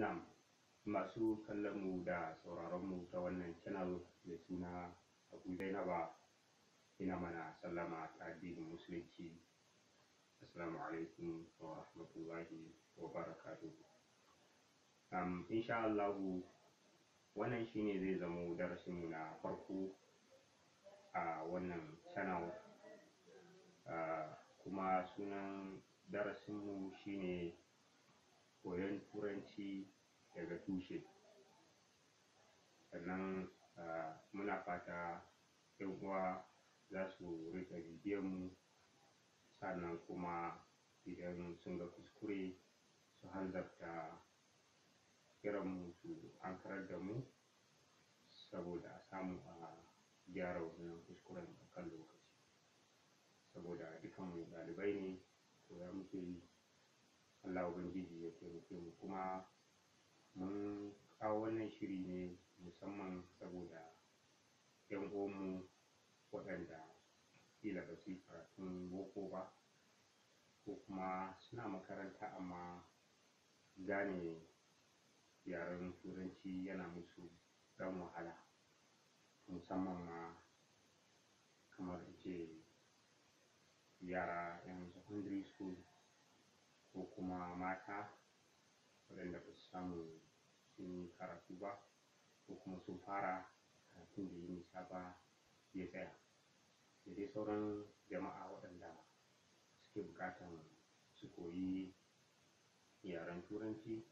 Na'am masu kallon mu da sauraron mu ta wannan channel mai suna Abu Zainaba ina mana sallama ta addinin musulunci Assalamu alaikum wa rahmatullahi wa barakatuh um, insha Allah wannan shine zai zamo darasin mu na farko a wannan channel uh, kuma sunan darasin mu shine koyon turanci daga tushe sannan muna fata yan uwa za su riƙa bibiyan mu sannan kuma idan sun ga kuskure su hanzarta kiran mu su ankarar da mu saboda a samu a gyara wannan kuskuren a kan lokaci saboda dukan ɗalibai ne koya muke yi Allah ubangiji ya taimake mu kuma mun kawo wannan shiri ne musamman saboda ƴan uwanmu waɗanda ƙila ba su yi karatun boko ba ko kuma suna makaranta amma gane yaren turanci yana musu ɗan wahala musamman ma kamar in ce yara ƴan secondary school ko kuma mata waɗanda ba su samu sun yi karatu ba ko kuma sun fara karatun da yi nisa ba ya tsaya da dai sauran jama'a waɗanda suke buƙatan su koyi yaren turanci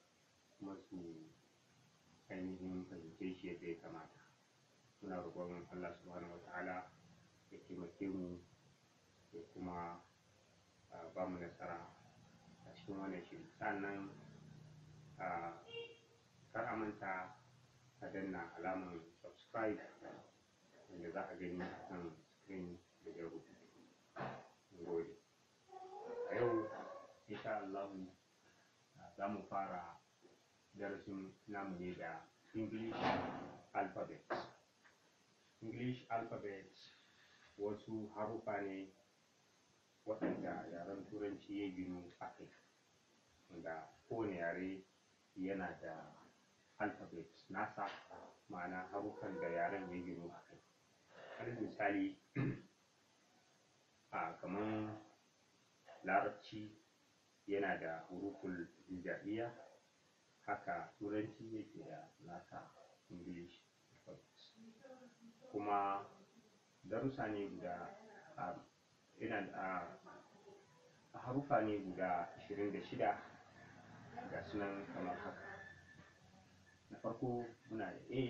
kuma su ainihin fahimce shi yadda ya kamata muna roƙon Allah subhanahu wata'ala ya taimake mu ya kuma ah, ba mu nasara cikin wannan shiri sannan kar a manta a danna alamar subscribe wanda za a gani a kan screen da ya rubuta gode a yau insha Allah za mu fara darasin namu ne da English alphabet English alphabet wasu haruffa ne waɗanda yaren turanci ya gino a kai wanda kowane yare yana da alphabet nasa ma'ana haruffan da yaren ya ginu a kai alal misali a kaman larabci yana da huruful hijabiya, haka turanci yake da nasa english kuma darussa ne guda a yana haruffa ne guda ashirin da shida gas ng kamangha na farko muna da a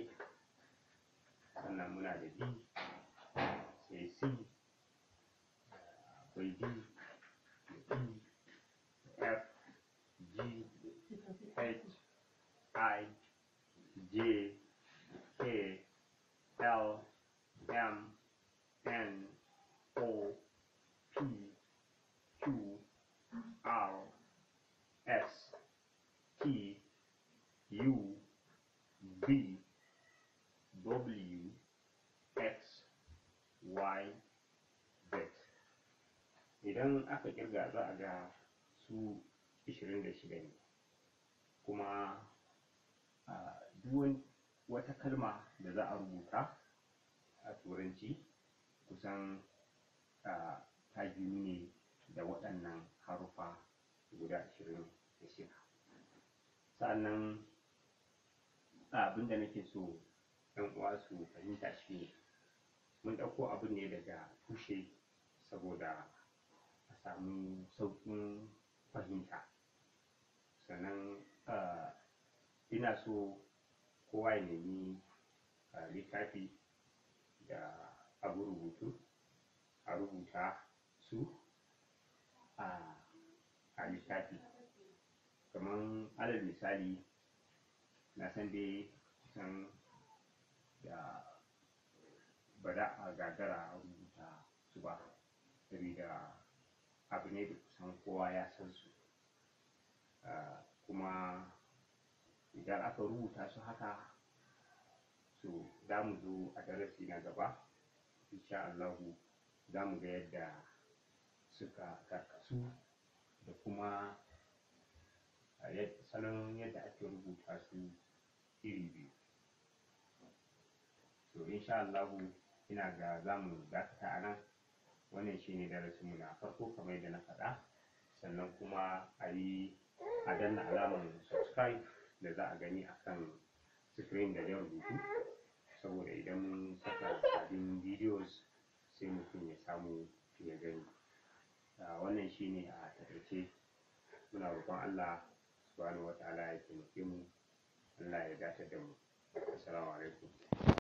sannan muna da b sai c akwai d e f g h i j k l m U, B, W, X, Y, Z. Idan aka ƙirga za a ga su 26 ne, kuma duk wata kalma da za a rubuta a turanci kusan ta gini ne da waɗannan haruffa guda shida Sa'annan abin da nake so yan uwa su fahimta shi ne mun ɗauko abin ne daga tushe saboda a samu sauƙin fahimta sannan ina so kowa ya nemi littafi da abu rubutu a rubuta su a littafi kamar alal misali na san dai kusan da ba a gagara rubuta su ba sabida abu ne da kusan kowa ya san su ah, kuma idan aka rubuta su haka Su za mu zo a darasi na gaba insha Allahu za mu ga yadda suka karkasu da kuma ah, salon yadda ake rubuta su iri biyu to insha Allahu ina ga za mu dakata a nan wannan shine darasinmu na farko kamar yadda na faɗa sannan kuma a yi a danna alamar subscribe da za a gani a kan screen da ya rubutu saboda idan mun saka sabbin videos sai mutum ya samu ya gani wannan shi ne a taƙaice muna roƙon Allah subhanahu ta'ala ya taimake mu Allah ya dace da mu assalamu alaikum